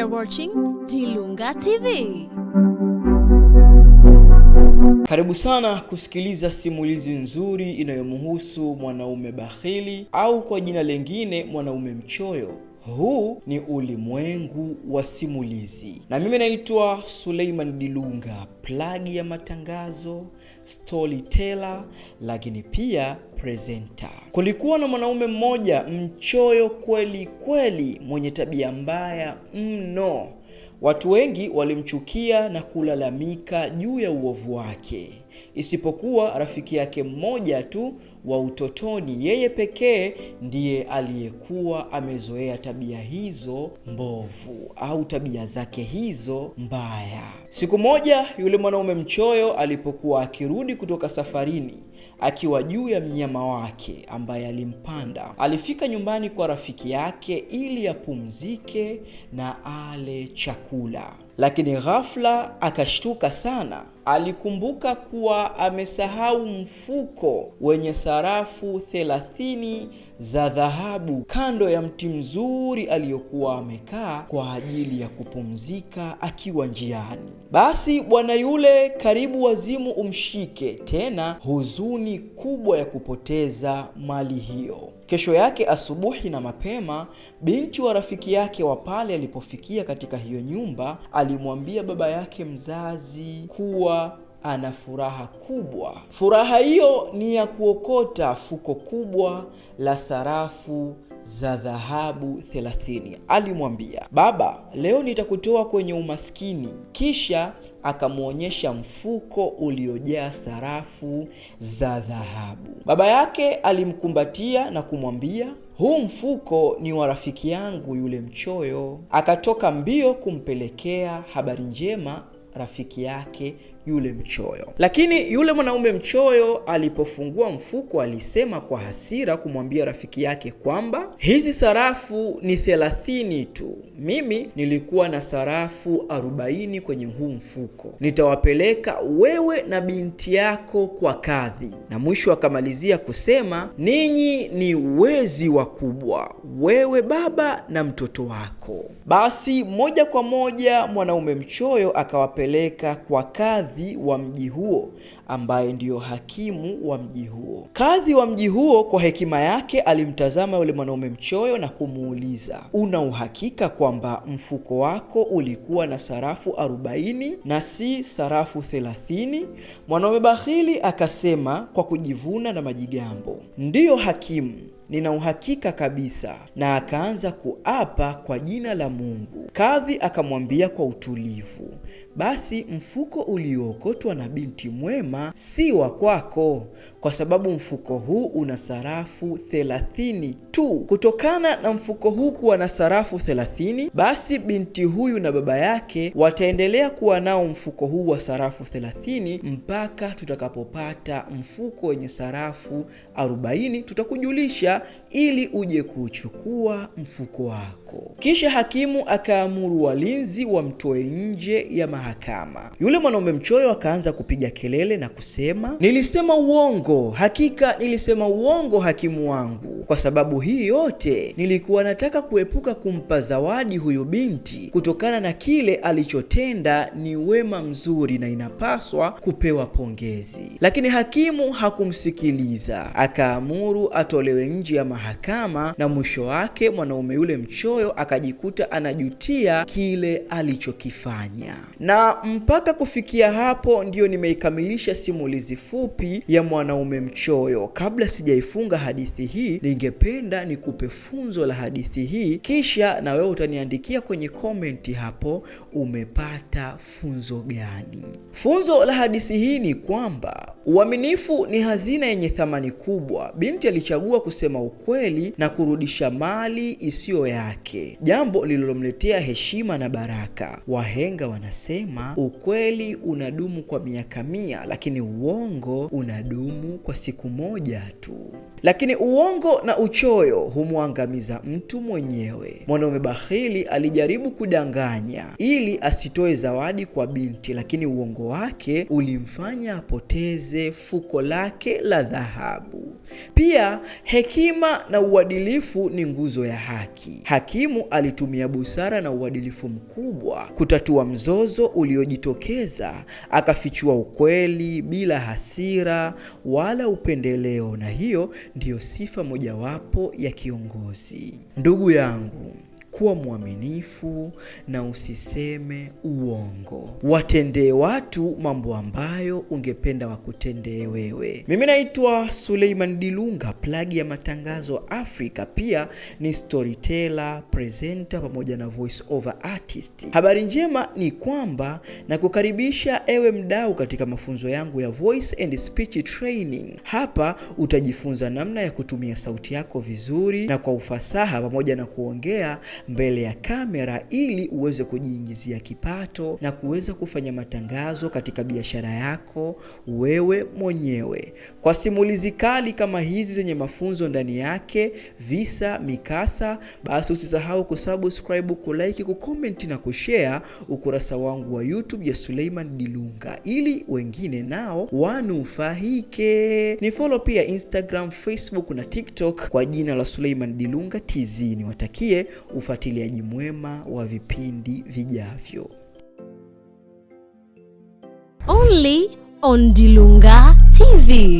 are watching Dilunga TV. Karibu sana kusikiliza simulizi nzuri inayomhusu mwanaume bakhili au kwa jina lingine mwanaume mchoyo. Huu ni ulimwengu wa simulizi, na mimi naitwa Suleiman Dilunga, plagi ya matangazo, storyteller, lakini pia presenter. Kulikuwa na mwanaume mmoja mchoyo kweli kweli, mwenye tabia mbaya mno. Watu wengi walimchukia na kulalamika juu ya uovu wake isipokuwa rafiki yake mmoja tu wa utotoni. Yeye pekee ndiye aliyekuwa amezoea tabia hizo mbovu au tabia zake hizo mbaya. Siku moja yule mwanaume mchoyo alipokuwa akirudi kutoka safarini akiwa juu ya mnyama wake ambaye alimpanda, alifika nyumbani kwa rafiki yake ili apumzike na ale chakula, lakini ghafla akashtuka sana alikumbuka kuwa amesahau mfuko wenye sarafu thelathini za dhahabu kando ya mti mzuri aliyokuwa amekaa kwa ajili ya kupumzika akiwa njiani. Basi bwana yule karibu wazimu umshike, tena huzuni kubwa ya kupoteza mali hiyo. Kesho yake asubuhi na mapema, binti wa rafiki yake wa pale alipofikia katika hiyo nyumba, alimwambia baba yake mzazi kuwa ana furaha kubwa. Furaha hiyo ni ya kuokota fuko kubwa la sarafu za dhahabu thelathini. Alimwambia, baba, leo nitakutoa kwenye umaskini. Kisha akamwonyesha mfuko uliojaa sarafu za dhahabu. Baba yake alimkumbatia na kumwambia, huu mfuko ni wa rafiki yangu yule mchoyo. Akatoka mbio kumpelekea habari njema rafiki yake yule mchoyo. Lakini yule mwanaume mchoyo alipofungua mfuko alisema kwa hasira kumwambia rafiki yake kwamba hizi sarafu ni thelathini tu, mimi nilikuwa na sarafu arobaini kwenye huu mfuko, nitawapeleka wewe na binti yako kwa kadhi. Na mwisho akamalizia kusema, ninyi ni wezi wakubwa, wewe baba na mtoto wako. Basi moja kwa moja mwanaume mchoyo akawapeleka kwa kadhi kadhi wa mji huo ambaye ndiyo hakimu wa mji huo. Kadhi wa mji huo kwa hekima yake alimtazama yule mwanaume mchoyo na kumuuliza, una uhakika kwamba mfuko wako ulikuwa na sarafu 40 na si sarafu 30? Mwanaume bakhili akasema kwa kujivuna na majigambo, ndiyo hakimu nina uhakika kabisa, na akaanza kuapa kwa jina la Mungu. Kadhi akamwambia kwa utulivu, basi mfuko uliookotwa na binti mwema si wa kwako, kwa sababu mfuko huu una sarafu thelathini tu. Kutokana na mfuko huu kuwa na sarafu thelathini, basi binti huyu na baba yake wataendelea kuwa nao mfuko huu wa sarafu thelathini mpaka tutakapopata mfuko wenye sarafu arobaini tutakujulisha ili uje kuuchukua mfuko wako. Kisha hakimu akaamuru walinzi wamtoe nje ya mahakama. Yule mwanaume mchoyo akaanza kupiga kelele na kusema, nilisema uongo, hakika nilisema uongo hakimu wangu. Kwa sababu hii yote nilikuwa nataka kuepuka kumpa zawadi huyu binti kutokana na kile alichotenda, ni wema mzuri na inapaswa kupewa pongezi. Lakini hakimu hakumsikiliza, akaamuru atolewe nje nje ya mahakama, na mwisho wake mwanaume yule mchoyo akajikuta anajutia kile alichokifanya. Na mpaka kufikia hapo, ndiyo nimeikamilisha simulizi fupi ya mwanaume mchoyo. Kabla sijaifunga hadithi hii, ningependa nikupe funzo la hadithi hii, kisha na wewe utaniandikia kwenye komenti hapo umepata funzo gani. Funzo la hadithi hii ni kwamba uaminifu ni hazina yenye thamani kubwa. Binti alichagua kusema kusema ukweli na kurudisha mali isiyo yake, jambo lililomletea heshima na baraka. Wahenga wanasema ukweli unadumu kwa miaka mia, lakini uongo unadumu kwa siku moja tu. Lakini uongo na uchoyo humwangamiza mtu mwenyewe. Mwanaume bakhili alijaribu kudanganya ili asitoe zawadi kwa binti, lakini uongo wake ulimfanya apoteze fuko lake la dhahabu. Pia heki Hekima na uadilifu ni nguzo ya haki. Hakimu alitumia busara na uadilifu mkubwa kutatua mzozo uliojitokeza, akafichua ukweli bila hasira wala upendeleo, na hiyo ndiyo sifa mojawapo ya kiongozi. Ndugu yangu, kuwa mwaminifu na usiseme uongo. Watendee watu mambo ambayo ungependa wakutendee wewe. Mimi naitwa Suleiman Dilunga, plagi ya matangazo Afrika. Pia ni storyteller, presenter pamoja na voice over artist. Habari njema ni kwamba nakukaribisha ewe mdau katika mafunzo yangu ya voice and speech training. Hapa utajifunza namna ya kutumia sauti yako vizuri na kwa ufasaha pamoja na kuongea mbele ya kamera ili uweze kujiingizia kipato na kuweza kufanya matangazo katika biashara yako wewe mwenyewe. Kwa simulizi kali kama hizi zenye mafunzo ndani yake, visa, mikasa, basi usisahau kusubscribe, kulike, kukomenti na kushare ukurasa wangu wa YouTube ya Suleiman Dilunga ili wengine nao wanufaike. Ni follow pia Instagram, Facebook na TikTok kwa jina la Suleiman Dilunga TZ. Niwatakie ufa mfuatiliaji mwema wa vipindi vijavyo. Only on Dilunga TV.